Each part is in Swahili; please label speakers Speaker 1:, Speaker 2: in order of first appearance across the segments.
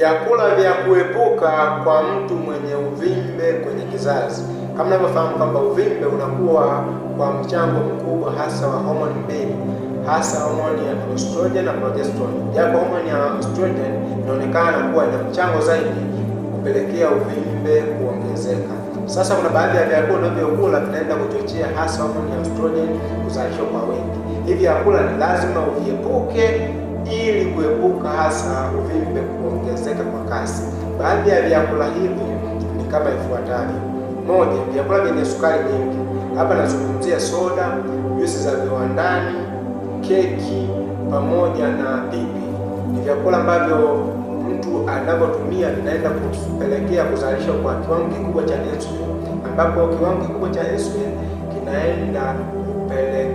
Speaker 1: vyakula vya kuepuka kwa mtu mwenye uvimbe kwenye kizazi. Kama unavyofahamu kwamba uvimbe unakuwa kwa mchango mkubwa hasa wa homoni mbili, hasa homoni ya estrogen na progesterone. Japo homoni ya estrogen inaonekana kuwa ina mchango zaidi kupelekea uvimbe kuongezeka. Sasa kuna baadhi ya vyakula unavyokula vinaenda kuchochea hasa homoni ya estrogen kuzalishwa kwa wingi. Hivi vyakula ni lazima uviepuke ili kuepuka hasa uvimbe kuongezeka kwa kasi. Baadhi ya vyakula hivi ni kama ifuatavyo: moja, vyakula vyenye sukari nyingi. Hapa nazungumzia soda, juisi za viwandani, keki pamoja na pipi. Ni vyakula ambavyo mtu anavyotumia vinaenda kupelekea kuzalisha kwa kiwango kikubwa cha insulin, ambapo kiwango kikubwa cha insulin kinaenda kupelekea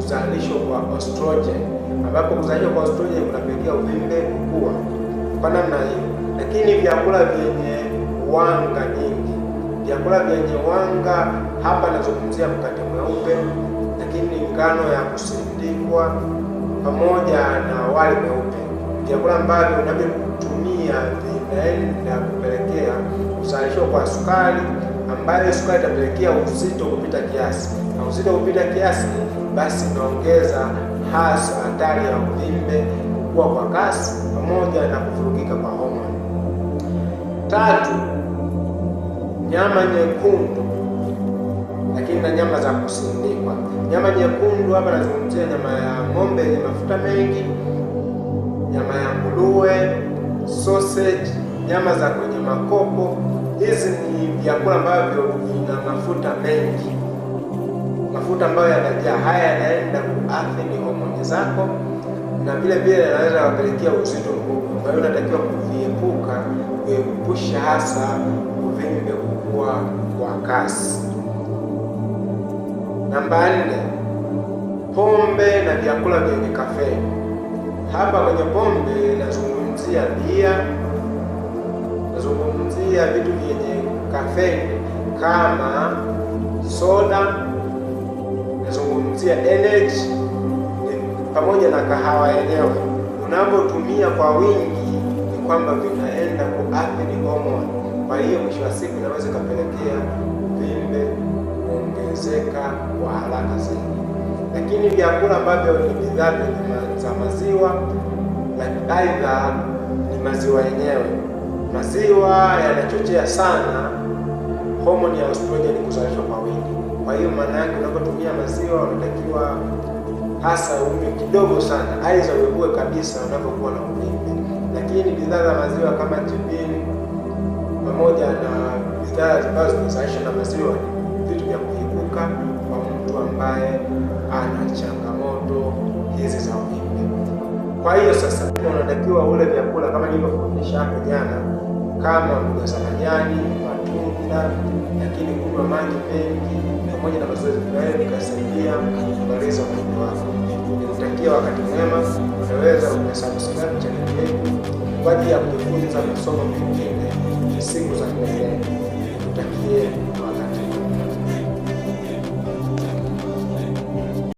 Speaker 1: kuzalishwa kwa estrogen, ambapo kuzalishwa kwa estrogen kunapelekea uvimbe kukua kwa namna hiyo. Lakini vyakula vyenye wanga nyingi, vyakula vyenye wanga hapa nazungumzia mkate mweupe, lakini ngano ya kusindikwa pamoja na wali mweupe, vyakula ambavyo unavyotumia vinaenda kupelekea kuzalishwa kwa sukari ambayo sukari itapelekea uzito kupita kiasi, na uzito kupita kiasi, basi inaongeza hasa hatari ya uvimbe, kukua kwa kasi, pamoja na kuvurugika kwa homoni. Tatu, nyama nyekundu lakini na nyama za kusindikwa. Nyama nyekundu hapa nazungumzia nyama ya ng'ombe yenye mafuta mengi, nyama ya nguruwe, sausage, nyama za kwenye makopo Hizi vyakula ambavyo vina mafuta mengi, mafuta ambayo yanajaa. Haya yanaenda kuathiri homoni zako na vile vile yanaweza kupelekea uzito mkubwa. Kwa hiyo unatakiwa kuviepuka, kuepusha hasa uvimbe kukua kwa kasi. Namba nne, pombe na vyakula vyenye kafeini. Hapa kwenye pombe nazungumzia bia, nazungumzia vitu vyenye kafeni kama soda, nazungumzia energy pamoja na kahawa yenyewe, unapotumia kwa wingi, ni kwamba vinaenda kuathiri homoni. Kwa hiyo mwisho wa siku inaweza ikapelekea uvimbe kuongezeka kwa haraka zaidi. Lakini vyakula ambavyo ni bidhaa za maziwa, aidha ni maziwa yenyewe Maziwa yanachochea sana homoni ya estrogen kuzalishwa kwa wingi. Kwa hiyo maana yake unapotumia maziwa unatakiwa hasa unywe kidogo sana, aidha uegue kabisa unapokuwa na uvimbe. Lakini bidhaa za maziwa kama jibini pamoja na bidhaa ambazo zinazalishwa na maziwa ni vitu vya kuepuka kwa mtu ambaye ana changamoto hizi za uvimbe. Kwa hiyo sasa unatakiwa ule vyakula kama nilivyofundisha hapo jana, kama mboga za majani, matunda, lakini kunywa maji mengi pamoja na mazoezi, nayo nikasaidia kuboresha mwili wako. Nikutakia wakati mwema. Unaweza ukasubscribe channel yetu kwa ajili ya kujifunza masomo mengine siku